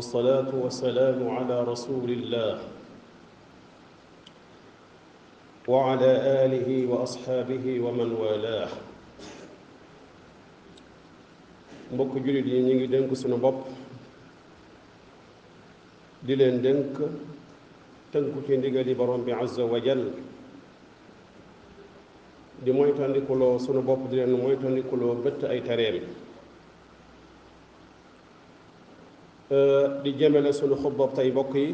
والصلاة والسلام على رسول الله وعلى آله وأصحابه ومن والاه mbokk jullit yi ñu ngi dénk sunu bopp di leen dénk tënku ci ndigali borom bi azza wa jal di moytandikuloo sunu bopp di leen moytandikuloo bëtt ay tereem di jëmale suñu xutbab tey bokk yi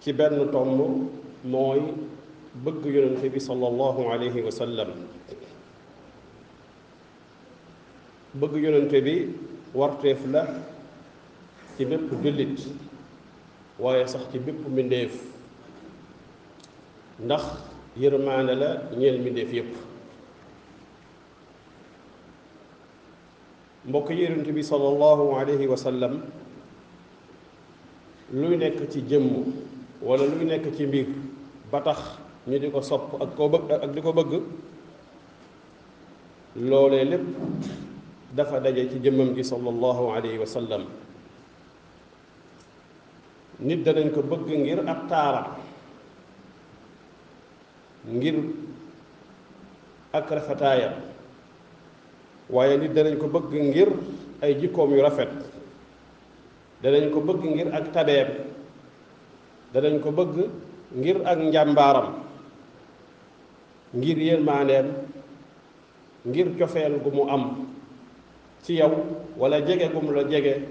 ci benn tomb mooy bëgg yonente bi sallallahu alayhi wa sallam bëgg yonente bi warteef la ci bépp jullit waaye sax ci bépp mbindéef ndax yërmaane la ñeel mbindéef yépp mbokk yi yonent bi sallallahu alayhi wa sallam luy nekk ci jëmm wala luy nekk ci mbir ba tax ñu di ko sopp ak ko bëgg ak di ko bëgg loolee lépp dafa daje ci jëmmam gi sallallahu alayhi wa nit danañ ko bëgg ngir ab taara ngir ak rafetaayam waaye nit danañ ko bëgg ngir ay jikkoom yu rafet danañ ko bëgg ngir ak tabeem danañ ko bëgg ngir ak njàmbaaram ngir yërmaandeem ngir cofeel gu mu am ci yow wala jege gu mu la jege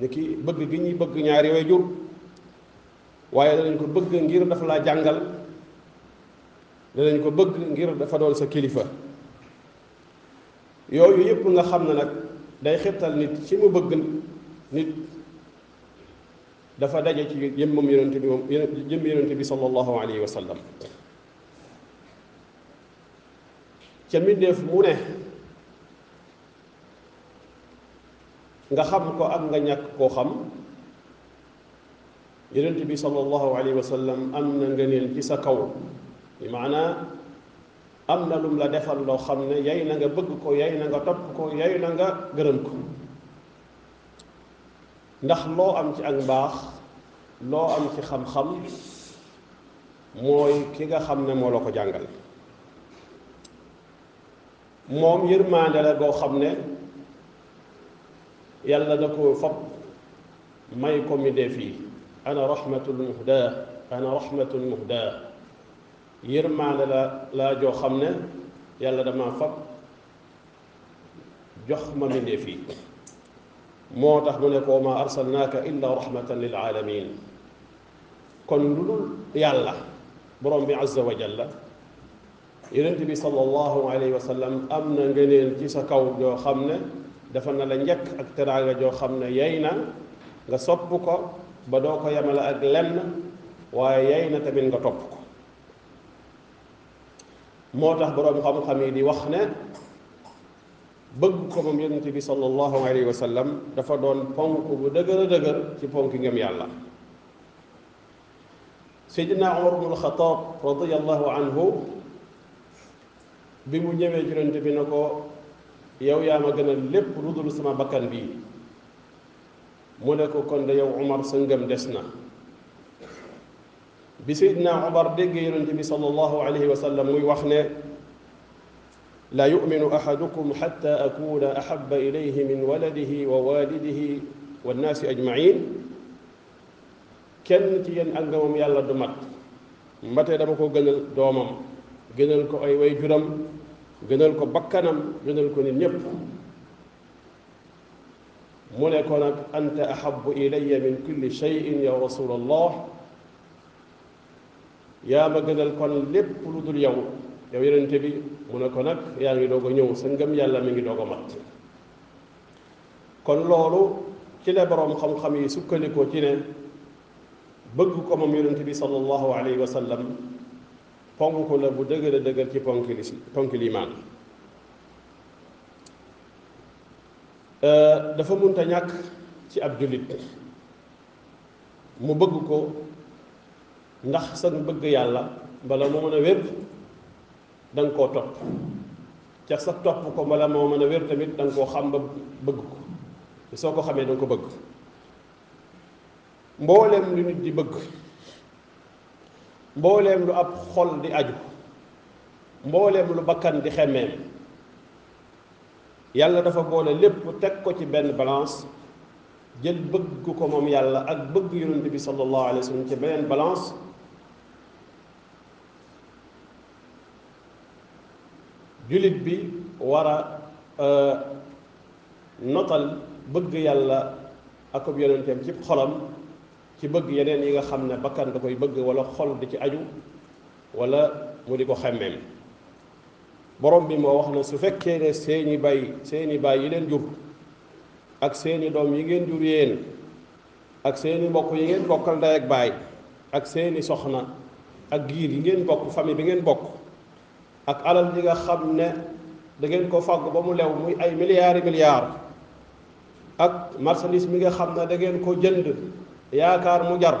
ni ki bëgg gi ñuy bëgg ñaari way waaye danañ ko bëgg ngir dafa laa jàngal danañ ko bëgg ngir dafa doon sa kilifa yooyu yëpp nga xam ne nag day xirtal nit ci mu bëgg nit dafa daje ci jëmmam yonente bi moom jëmm yonente bi sallallahu alayhi wa sallam ca mbindeef mu ne nga xam ko ak nga koo xam yonente bi sallallahu alayhi wa am na ngëneel ci sa kaw bi maanaa am na lum la defal loo xam ne yay na nga bëgg ko yay na nga topp ko yay na nga gërëm ko ndax loo am ci ak mbaax loo am ci xam-xam mooy ki nga xam ne moo la ko jàngal moom yërmaande la goo xam ne yàlla na ko fab may ko mi def yi ana rahmatul muhda ana rahmatul muhda yërmaande la laa joo xam ne yàlla dama fab jox ma mbindéef yi moo tax mu ne ko ma arsalnaaka illa rahmatan lil aalamin kon lu dul yàlla borom bi azza wa jalla yonent bi sallallahu alayhi wa sallam am na ngëneel ji sa kaw joo xam ne dafa na la njëkk ak teraanga joo xam ne yey na nga sopp ko ba doo ko yemale ak lenn waaye yey na tamit nga topp ko moo tax boroom xam-xam yi di wax ne bëgg ko moom yonente bi sallallahu alayhi wa sallam dafa doon ponk bu dëgër a dëgër ci ponk ngëm yàlla seydina umar bnu alxataab radiallahu anhu ñëwee yonente bi ko yow yaa ma gënal lépp lu dul sama bakkan bii mu ne ko kon de yow umar sa ngëm des na bi Seydina Umar déggee yonent bi sallallahu alayhi wa sallam muy wax ne la yuminu ahadukum xatta akuna ahaba ilayhi min waladihi wa walidihi wannaasi ajmain kenn ci yéen ak ngëmam yàlla du mat mbatee dama ko gënal doomam gënal ko ay way juram gënal ko bakkanam gënal ko nit ñépp mu ne ko nag anta ahabu ilaya min kulli cheyin ya rasul allah yaa ma gënal kon lépp lu dul yow yow yonente bi mu ne ko nag yaa ngi doog a ñëw sa ngëm yàlla mi ngi doo a mat kon loolu ci la boroom xam-xam yi sukkandikoo ci ne bëgg ko moom yonente bi sallallahu alayhi wa sallam ponk la bu dëgër dëgër ci ponk li ponk limaan euh, dafa munta ñàkk ci ab jullit mu bëgg ko ndax sa bëgg yàlla bala moo mën a wér da ko koo topp ca sa topp ko bala moo mën a wér tamit da nga xam ba bëgg ko te soo ko xamee da ko bëgg mbooleem lu nit di bëgg mbooleem lu ab xol di aju mbooleem lu bakkan di xemmeem yàlla dafa boole lépp teg ko ci benn balance jël bëgg ko moom yàlla ak bëgg yonent bi sallallahu alayhi wa sallam ci beneen balance jullit bi war a euh, notal bëgg yàlla akub yonenteem ci xolam ci bëgg yeneen yi nga xam ne bakkan da koy bëgg wala xol di ci aju wala mu di ko xemmeem borom bi moo wax na su fekkee ne seeni bay seeni baay yi leen jur ak seeni doom yi ngeen jur yéen ak seeni mbokk yi ngeen bokkal ndey ak baay ak seeni soxna ak giir yi ngeen bokk famille bi ngeen bokk ak alal ji nga xam ne dangeen ko fàggu ba mu lew muy ay milliards i ak marchandise mi nga xam ne dangeen ngeen ko jënd yaakaar mu jar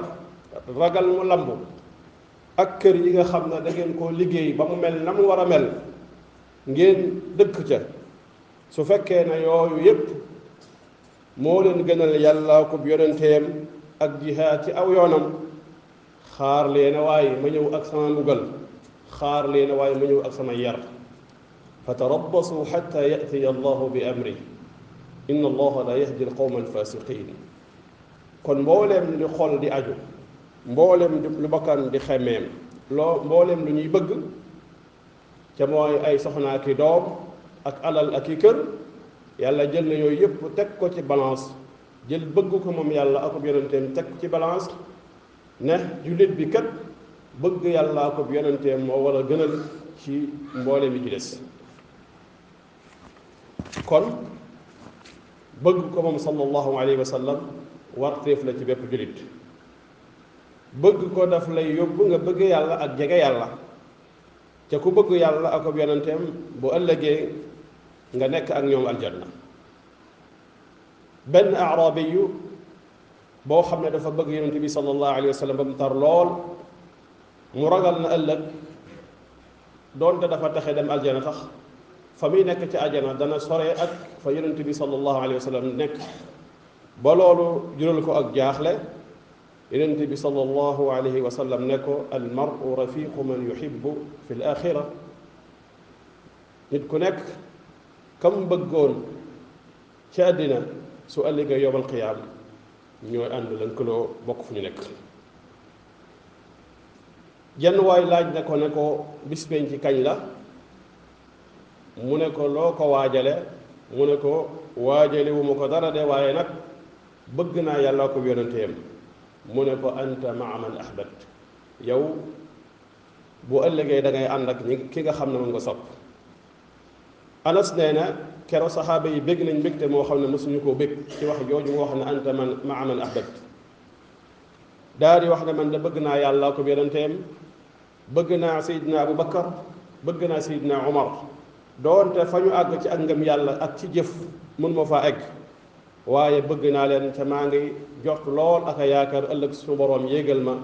ragal mu lamb ak kër yi nga xam ne dangeen ngeen koo liggéey ba mu mel na mu war a mel ngeen dëkk ca su fekkee ne yooyu yépp moo leen gënal yàlla ko yonenteem ak jihaad ci aw yoonam xaar leen waaye ma ñëw ak sama mbugal xaar leen waaye ma ñëw ak sama yar fa tarabbasu xatta yatiya allahu bi amri inna allaha la yahdi alqawma alfasiqin kon mbooleem di xol di aju mboolem di lu bakkan di xemeem loo mboolem lu ñuy bëgg ca mooy ay soxna ak i doom ak alal ak i kër yàlla jël na yooyu yëpp teg ko ci balance jël bëgg ko moom yàlla ak yonenteem teg ko ci balance ne jullit bi kat bëgg yàllaa ko yonenteem moo war a gënal ci mboole mi ci des kon bëgg ko moom sallallahu alayhi wa sallam warteef la ci bépp jullit bëgg ko daf lay yóbbu nga bëgg yàlla ak jege yàlla te ku bëgg yàlla ak ab yonenteem bu ëllëgee nga nekk ak ñoom aljanna benn arabi boo xam ne dafa bëgg yonente bi sallallahu alayhi wa sallam ba mu tar lool mu ragal na ëllëg doonte dafa taxe dem aljana tax fa muy nekk ci aljana dana sore ak fa yonent bi sallallahu alayhi wa sallam nekk ba loolu ko ak jaaxle yonent bi sallallahu alayhi wa sallam ne ko al maru rafiqu man yuhibbu fi l axira nit ku nekk kam bëggoon ci su ëllëgee yowmal qiyaam bokk fu ñu nekk jenn waay laaj na ko ne ko bis ci kañ la mu ne ko loo ko waajale mu ne ko waajale ko dara de waaye nag bëgg naa yàlla ko yonenteem mu ne ko anta maa man ahbat yow bu ëllëgee da ngay ànd ak ñi ki nga xam ne moom nga sopp anas nee na kero saxaaba yi bégg nañ mbégte moo xam ne mosuñu ko bégg ci wax jooju moo xam ne anta man maa man daa di wax ne man de bëgg naa yàlla ko yonenteem bëgg naa Seydina Aboubacar bëgg naa Seydina Omar doonte fa ñu àgg ci ak ngëm yàlla ak ci jëf mun ma faa egg waaye bëgg naa leen ca maa ngi jot lool ak a yaakaar ëllëg su boroom yéegal ma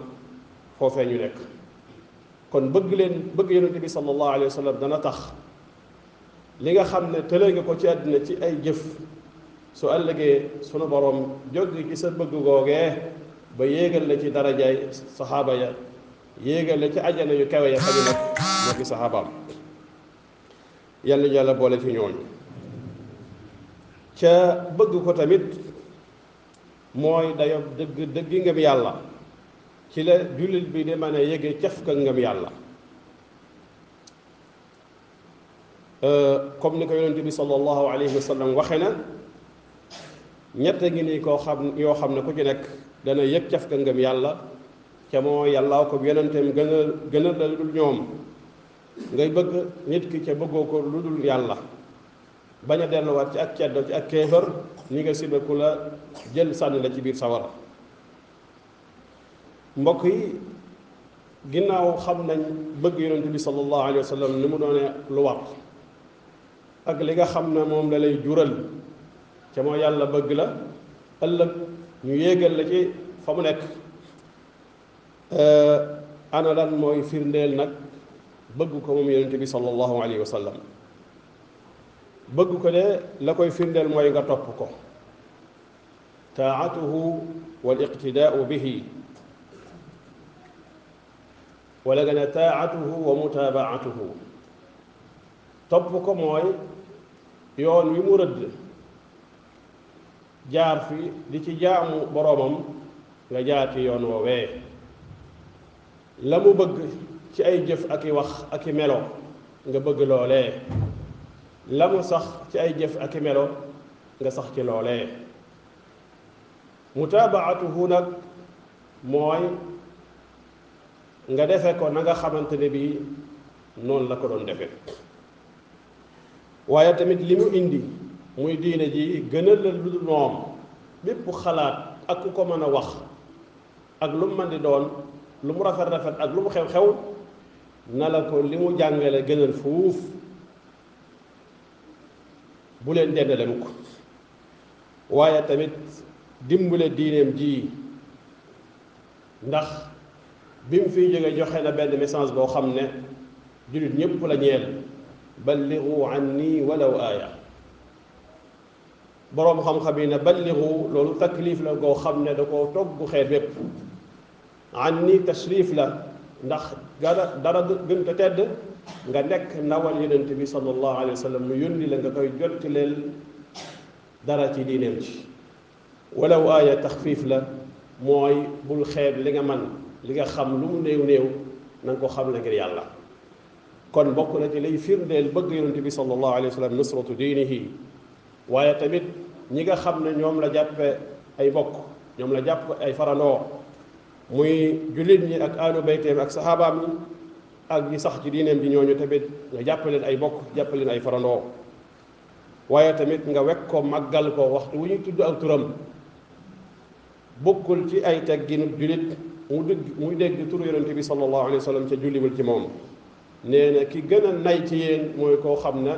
foofee ñu nekk kon bëgg leen bëgg yonente bi sallallahu alayhi wa sallam dana tax li nga xam ne tële nga ko ci àddina ci ay jëf su ëllëgee sunu boroom jóg ci sa bëgg googee ba yéegal la ci darajaay saxaaba ya yéegal la ci ajjana yu kawe ya xaju nag moo ki saxaabaam yàlla ñu yàlla boole ci ñooñu ca bëgg ko tamit mooy dayo dëgg dëggi ngëm yàlla ci la jullit bi di mën a yége caf ka yàlla euh, comme ni ko yonente ñett ngi yoo xam ne ku ci nekk dana yëg caf ka ngëm yàlla ca moo yàllaa ko yonenteem gën a gën la dul ñoom ngay bëgg nit ki ca bëggoo ko lu dul yàlla bañ a delluwaat ci ak ceddo ci ak kéefër ñi nga sibeku la jël sànni la ci biir sawara mbokk yi ginnaaw xam nañ bëgg yonent bi sallallahu alayhi wa sallam ni mu doone lu war ak li nga xam ne moom la lay jural ca moo yàlla bëgg la ëllëg ñu yéegal la ci fa mu nekk euh, ana lan mooy firndeel nag bëgg ko moom yonente bi sallallahu alayhi wa sallam ko de la koy firndeel mooy nga topp ko taatuhu wal iqtidaau bihi wala nga ne taatuhu wa mutaabaatuhu topp ko mooy yoon wi mu rëdd jaar fi di ci jaamu boroomam nga jaar ci yoon woowee la mu bëgg ci ay jëf ak i wax ak i melo nga bëgg loolee la mu sax ci ay jëf ak i melo nga sax ci loolee mutaabaatuhu nag mooy nga defe ko na nga xamante ne bii noonu la ko doon defe waaye tamit li mu indi muy diine ji gënal la lu noom bépp xalaat ak ku ko mën a wax ak lu mu mën doon lu mu rafet rafet ak lu mu xew xew na la ko li mu jàngale gënal fuuf bu leen dendale mukk waaye tamit dimbale diineem ji ndax bi mu fiy jógee joxe na benn message boo xam ne jullit ñépp la ñeel balligu anni walaw aaya boroom xam-xam yi ne balligu loolu taklif la goo xam ne da koo togg xeet wépp an ni tashrif la ndax dara dara gën nga nekk ndawal yonent bi sallallahu alayhi wa sallam mu yónni la koy jottileel dara ci diineem ci walaw aaya taxfiif la mooy bul xeeb li nga man li nga xam lu mu néew néew na xam la ngir yàlla kon bokk na ci lay firndeel bëgg yonent bi sallallahu alayhi wa sallam nusratu diinihi waaye tamit ñi nga xam ne ñoom la jàppe ay bokk ñoom la jàpp ay farandoo muy jullit ñi ak ahlu bayteem ak saxaabaam yi ak ñi sax ci diineem ji ñooñu tamit nga jàppaleen ay bokk jàppaleen ay farandoo waaye tamit nga wekk ko màggal ko waxtu wu ñuy tudd ak turam bokkul ci ay tegginu jullit mu dégg muy dégg turu yonente bi sallallahu alayhi wa ca julliwul ci moom nee ki gën nay ci yéen mooy koo xam ne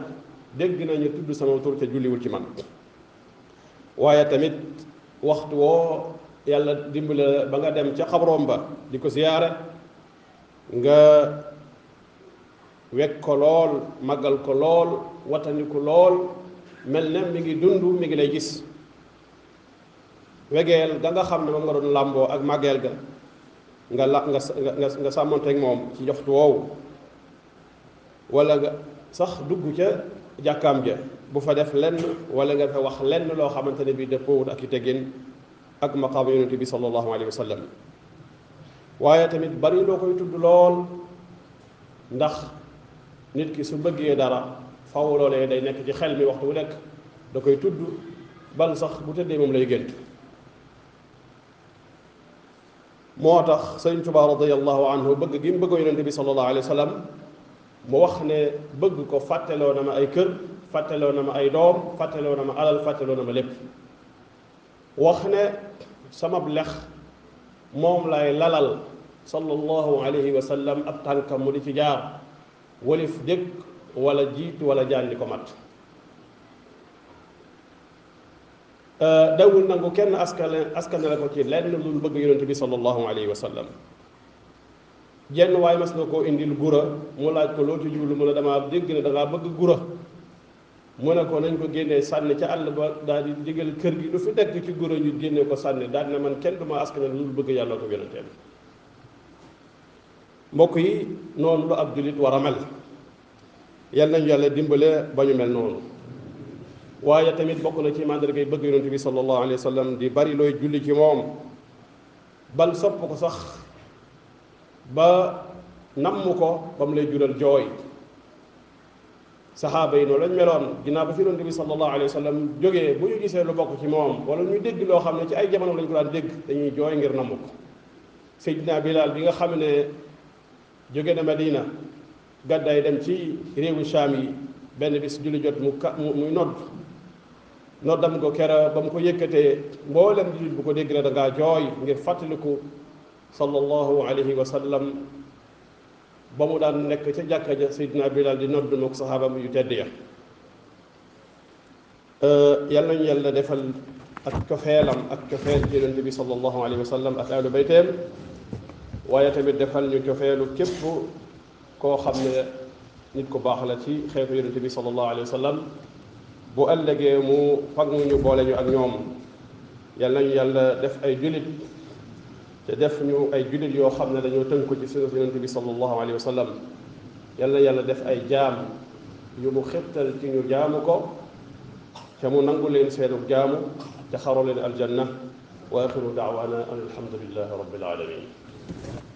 dégg nañu tudd sama tur te julliwul ci man waaye tamit waxtu woo yàlla dimbali la ba nga dem ca xabroom ba di ko siyaare nga wekk ko lool màggal ko lool watandiku lool mel ne mi ngi dund mi ngi lay gis wegeel danga xam ne moom nga doon làmboo ak màggeel ga nga la nga nga nga sàmmonteeg moom ci joxtu woowu wala nga sax dugg ca jàkkaam ja bu fa def lenn wala nga fa wax lenn loo xamante ne bii dëppoowut ak i teggin ak maqaam yonente bi sallallahu alayhi wa sallam waaye tamit bari loo koy tudd lool ndax nit ki su bëggee dara faw loolee day nekk ci xel mi waxtu bu nekk da koy tudd bal sax bu tëddee moom lay gént moo tax sëñ Tuubaa radiyallahu anhu bëgg gi mu bëgg yonente bi sallallahu alayhi wa mu wax ne bëgg ko fàtteloo na ma ay kër fàtteloo na ma ay doom fàtteloo na ma alal fàtteloo na ma lépp wax ne samab lex moom lay lalal sallallahu alayhi wa ab tànkam mu di ci jaar walif dëkk wala jiitu wala jaan di ko mat euh, dawul nangu kenn askan askan la ko ci lenn lu bëgg yonente bi sallallahu alayhi wa jenn waaye mas na koo indil gura mu laaj ko loo ci jublu mu ne damaa dégg ne dangaa bëgg gura mu ne ko nañ ko génnee sànni ca àll ba daal di digal kër gi lu fi nekk ci gura ñu génne ko sànni daal na man kenn duma askan lu dul bëgg yàlla ko yonenteem mbokk yi noonu lu ab jullit war a mel yal nañu yàlla dimbale ba ñu mel noonu waaye tamit bokk na ci màndargay bëgg yonent bi sallallahu alayhi wa sallam di bari looy julli ci moom bal sopp ko sax ba namm ko ba mu lay jural jooy saxaaba yi noonu lañ meloon ginnaaw ba fi yonent bi sallallahu alayhi wa bu ñu gisee lu bokk ci moom wala ñu dégg loo xam ne ci ay jamono lañ ko daan dégg dañuy jooy ngir namm ko Seydina Bilaal bi nga xam ne jóge na Madina gàddaay dem ci réewu Shaam yi benn bis julli jot mu ka muy nodd noddam ko kera ba mu ko yëkkatee mboolem jullit bu ko dégg na da ngaa jooy ngir fàttaliku sallallahu alayhi wa sallam ba mu daan nekk ca jàkka ja Seydina Bilal di nodd mook saxaabam yu tedd ya yàlla nañu yàlla defal ak cofeelam ak cofeel ci yonent bi sallallahu wa sallam ak ahlu bayteem tamit defal ñu cofeelu képp koo xam ne nit ko baax la ci xeetu yonent bi sallallahu alayhi wa sallam bu ëllëgee mu fag ñu boole ñu ak ñoom yàlla nañu yàlla def ay jullit te def ñu ay jullit yoo xam ne dañoo tënku ci sunnatu yonent bi sallallahu alayhi wa sallam yal na def ay jaam yu mu xettal ci ñu ko te mu nangu leen seenu jaamu te xaru leen aljanna wa axiru daawaana an alhamdulillahi rabbil alamin